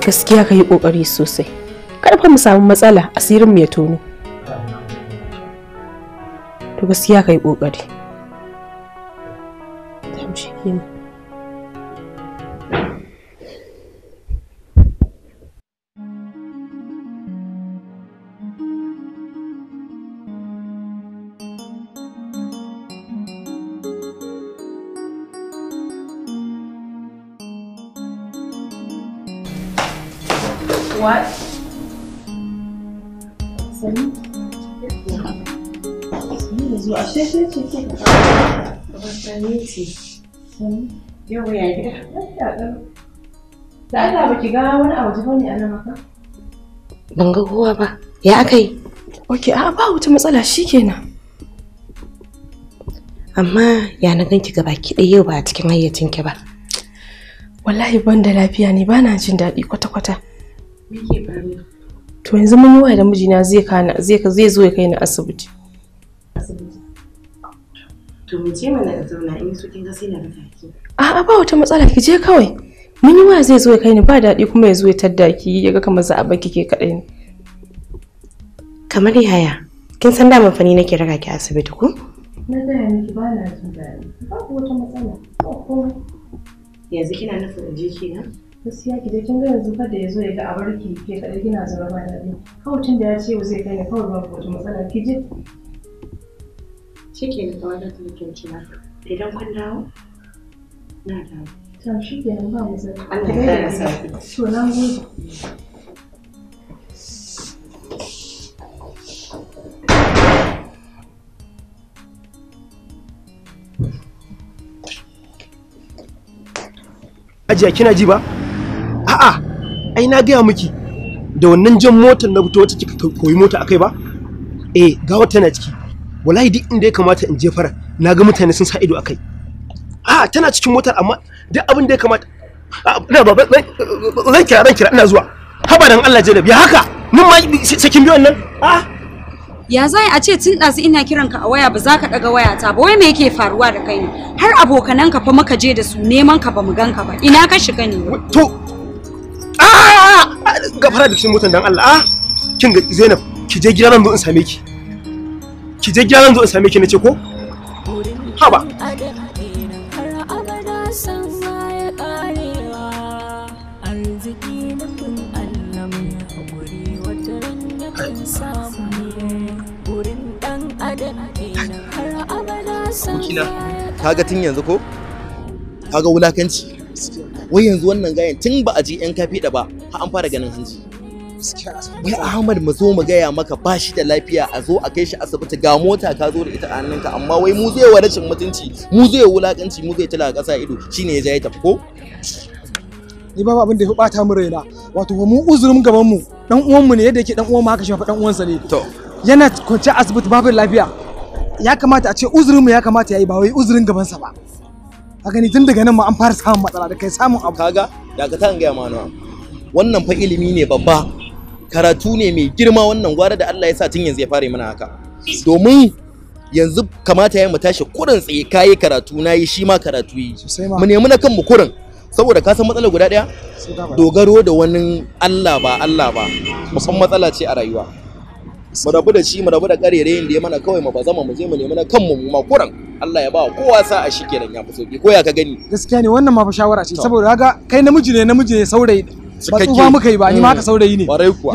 gaskiya ka yi ƙoƙari sosai karfa mu samu matsala asirin mu ya tono to gaskiya ka yi ƙoƙari ce yau ya gida da Allah ba ki ga wani abu ba ne ana maka ban ga kowa ba ya aka yi ok a ba wata matsala shikenan amma ya na ganki gaba ki dai yau ba a cikin hayyacin ki ba wallahi ban da lafiya ne ba na jin daɗi kwata-kwata to yanzu mun yi wa da mijina zai zo ya kai ni asibiti asibiti To mu mana da zauna in so kin ga sai na raka A'a ba wata matsala ki je kawai. Mun yi waya zai zo ya kai ni ba daɗi kuma ya zo ya tadda ki ya ga kamar za a baki ke kaɗai ne. Kamar yaya? Kin san daman fa nake raka ki asibiti ko? Na gaya miki ba na jin daɗi. Babu wata matsala. Ba komai. Yanzu kina nufin in je kenan? gaskiya ki dai kin ga yanzu da ya zo ya ga a barki ke kaɗai kina zuwa ba daɗi kawai tun da ya ce zai kai ni kawai ba ku matsala ki je shi da kawai da tuntun cina idan kun dawo na dawo ta shi ke ba mu zai Allah ya kara sauki to na gode Ajiya kina ji ba? A'a, ai na gaya miki da wannan jan motar na fito wacce kika koyi mota akai ba? Eh, ga wata na ciki. wallahi duk inda ya kamata in jefar na ga mutane sun sa ido akai a tana cikin motar amma duk abin da ya kamata ina ba zan kira zan kira ina zuwa haba dan Allah jalab ya haka mun ma sakin biyon nan a ya zai a ce tun ɗazu ina kiran ka a waya ba za ka ɗaga wayata ba wai me yake faruwa da kai ne har abokanan ka fa muka je da su neman ka ba mu gan ka ba ina ka shiga ne to a gafara da cikin motar dan Allah a kin ga Zainab ki je gidan nan zo in same ki ki je gyaran zo in same ki nace ko haba Abokina, kaga tun yanzu ko? Kaga wulakanci. Wai yanzu wannan gayan tun ba a ji 'yan kafi da ba, har an fara ganin hanji. wai ahmad mu zo mu gaya maka ba shi da lafiya a zo a kai shi asibiti ga mota ka zo da ita a hannunka amma wai mu zai wa rashin mutunci mu zai wulakanci mu zai tala ƙasa ido shine ya ja ya tafi ko ni babu abin da ya bata mu raina wato mu uzurin gaban mu dan uwan mu ne yadda yake dan uwan mu haka fa dan sa ne to yana kwance asibiti babu lafiya ya kamata a ce uzurin mu ya kamata yayi ba wai uzurin gaban sa ba a gani tun daga nan ma an fara samun matsala da kai samun abu kaga daga ta gaya ma wannan fa ilimi ne babba karatu ne mai girma wannan gwara da Allah ya sa tun yanzu ya fara mana haka domin yanzu kamata ya mu tashi kurin tsaye kayi karatu na yi shi ma karatu yi mu nemi na kanmu kurin saboda ka san matsala guda daya dogaro da wani Allah ba Allah ba musan matsala ce a rayuwa mu rabu da shi mu rabu da karerayin da ya mana kawai mu bazama mu je mu nemi na kanmu mu ma kurin. Allah ya ba kowa sa a shi kenan ya fi sauki ko ya ka gani gaskiya ne wannan ma fa shawara ce saboda kaga kai namiji ne namiji ne saurayi ba tsufa muka yi ba ni ma haka eh, saurayi ne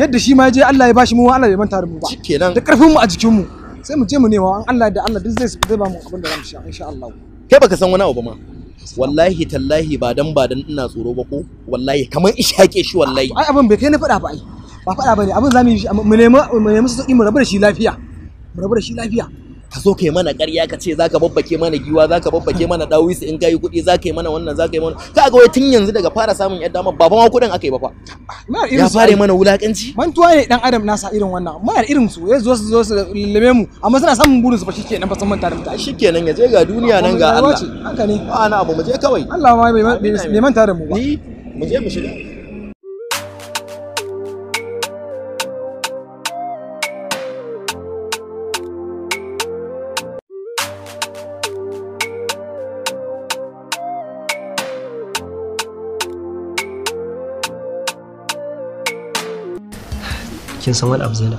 yadda shi ma ya je Allah ya bashi mu Allah ya manta da mu ba da karfin mu a jikin mu sai mu je mu nema an Allah da Allah duk zai zai ba mu abin da zamu sha insha Allah kai baka san wani abu ba ma wallahi tallahi ba dan ba dan ina tsoro ba ko wallahi kamar ishake shi wallahi ai abin bai kai na faɗa ba ai ba faɗa bane abin zamu yi mu nemi mu nemi yi mu rabu da shi lafiya mu rabu da shi lafiya ka so kai mana ƙarya ka ce zaka babbake mana giwa zaka babbake mana dawisi in kai kuɗi zaka yi mana wannan zaka yi mana ka ga wai tun yanzu daga fara samun yadda ma baba ma kuɗin aka yi ba fa ya fare mana wulakanci mantuwa ne dan adam nasa irin wannan ma irin su ya zo su zo su lame mu amma suna samun burin su ba nan ba san manta da mutane shikenan ya je ga duniya nan ga Allah haka ne ba na abu mu je kawai Allah ma bai manta da mu ba ni mu je mu shiga kin san wani abu zainab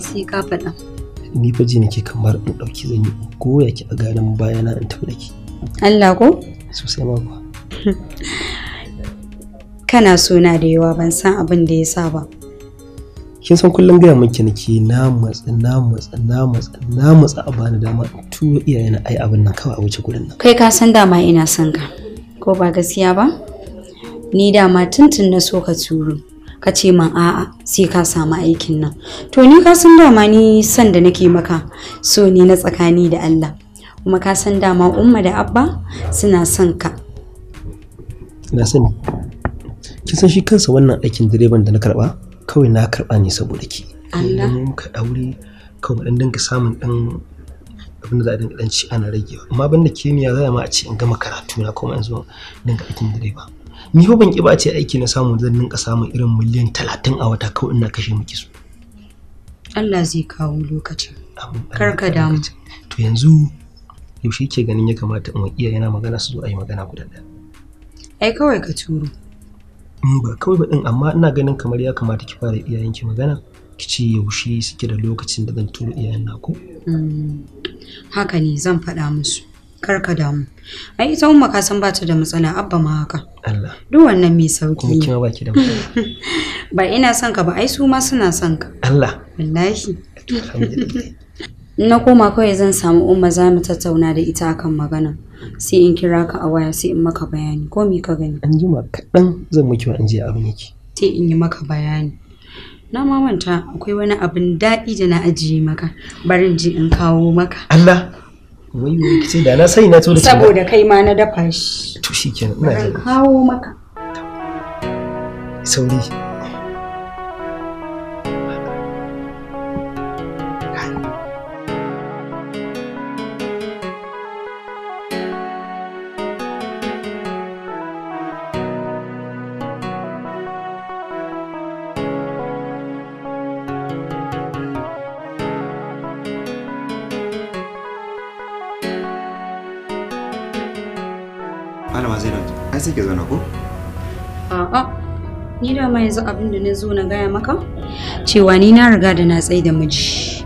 sai ka faɗa ni fa ji nake kamar in ɗauki zan yi ya ki a ganin bayana in tafi da ki Allah ko sosai ma kuwa kana suna da yawa ban san abin da ya sa ba kin san kullum gaya miki nake na matsa na matsa na matsa na matsa a bani dama in iyaye na ai abin nan kawai a wuce gurin nan kai ka san dama ina son ka ko ba gaskiya ba ni dama tuntun na so ka turo ka ce min a'a sai ka samu aikin nan to ni ka san dama ni san da nake maka so ni na tsakani da Allah kuma ka san dama umma da abba suna son ka na sani kin san shi kansa wannan aikin direban da na karba kawai na karba ne saboda ki Allah ka daure kawai dan dinka samun dan abin da za a dinga dan ci ana ragewa amma banda kimiyya za ma a ce in gama karatu na kuma yanzu dinga aikin direba ni fa ban ki ce aiki na samu zan ninka samun irin miliyan talatin a wata kawai ina kashe miki su Allah zai kawo lokacin kar ka damu to yanzu yaushe ke ganin ya kamata in iya yana magana su zo a yi magana guda ɗaya ai kawai ka turo mm, ba kawai ba din amma ina ganin kamar ya kamata ki fara iyayen ki magana ki ce yaushe suke da lokacin da zan turo iyayen naku mm. haka ne zan faɗa musu kar ka damu ai ita umma ka san bata da matsala abba ma haka Allah duk wannan mai sauki kuma baki da ba ina son ka ba ai su ma suna son ka Allah wallahi na koma kawai zan samu umma za mu tattauna da ita akan magana sai in kira ka a waya sai in maka bayani ko me ka gani an jima kaɗan zan miki wa an je abin yake sai in yi maka bayani na ma manta akwai wani abin daɗi da na ajiye maka barin ji in kawo maka Allah wai da na sai na saboda kai ma na dafa shi to shikenan kawo maka Ni da ma yanzu abin da na zo na gaya maka cewa ni na riga da na tsai da miji.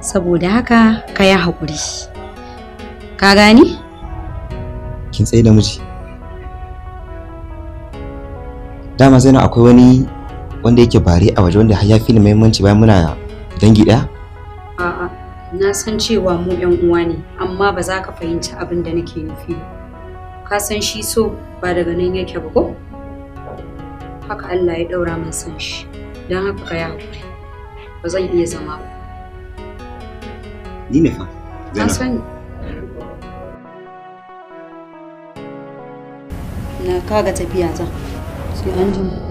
Saboda haka ka yi haƙuri. Ka gani? Kin tsai da miji. Dama sai akwai wani wanda yake bare a waje wanda har ya fi ni muhimmanci bayan muna dangi ɗaya? A'a, na san cewa mu 'yan uwa ne, amma ba za ka fahimci abin da nake nufi ka san shi so ba daga nan yake ba ko haka Allah ya daura min san shi dan haka ka ya hakuri ba zan iya zama ba ni ne fa na san na kaga tafiya zan sai an jima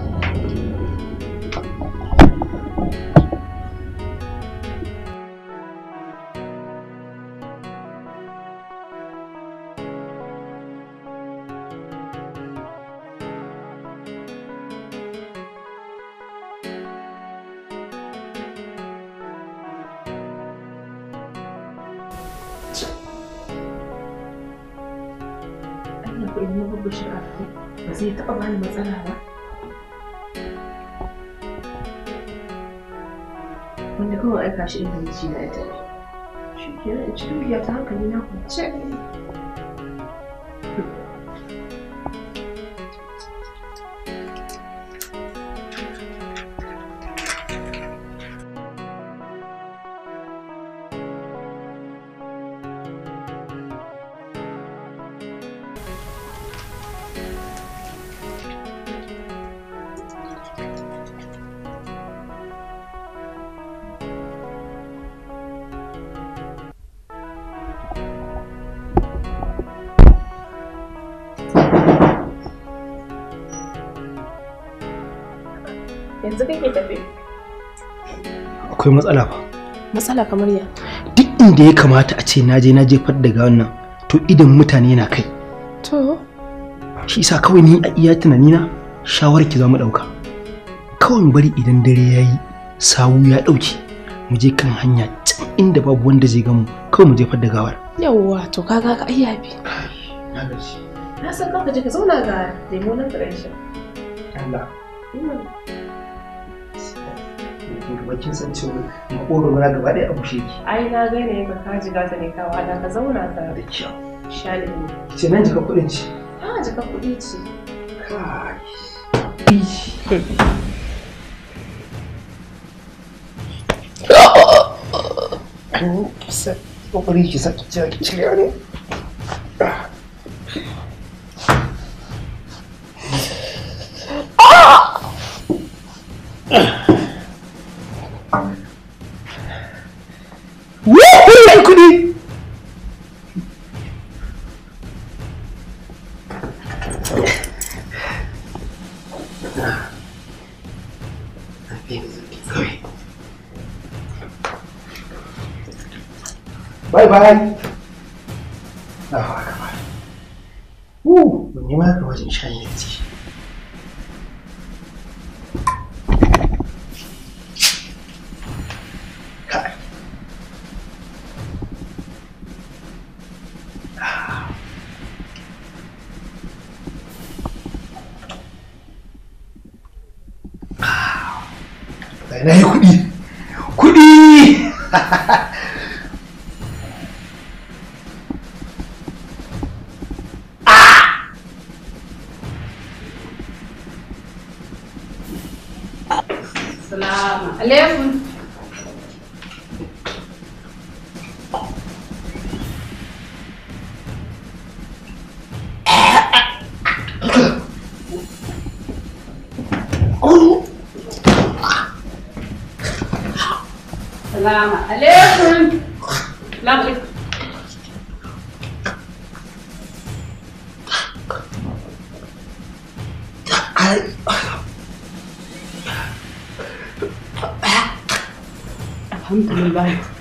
shi da mijina ya tafi shi kenan hankali na kwance matsala ba matsala kamar ya duk inda ya kamata a ce naje na fad daga wannan to idan mutane na kai to shi sa kawai ni a iya tunani shawar ki za mu ɗauka kawai mu bari idan dare ya yi sawu ya ɗauke mu je kan hanya can inda babu wanda zai gamu kawai mu jefar da gawar yawwa to kaga ka ai bi na san kanka je ka zauna ga lemonan ka Allah bakin kin san cewa makoro na gaba da a bushe ki ai na gane ne ka ka jiga ta ne kawa da ka zauna ta da kyau shali ne ce nan jika kuɗin ci? Ha jika kuɗi ci. kai kokari ki saki ki cire ne ah! Bye. السلام عليكم الحمد لله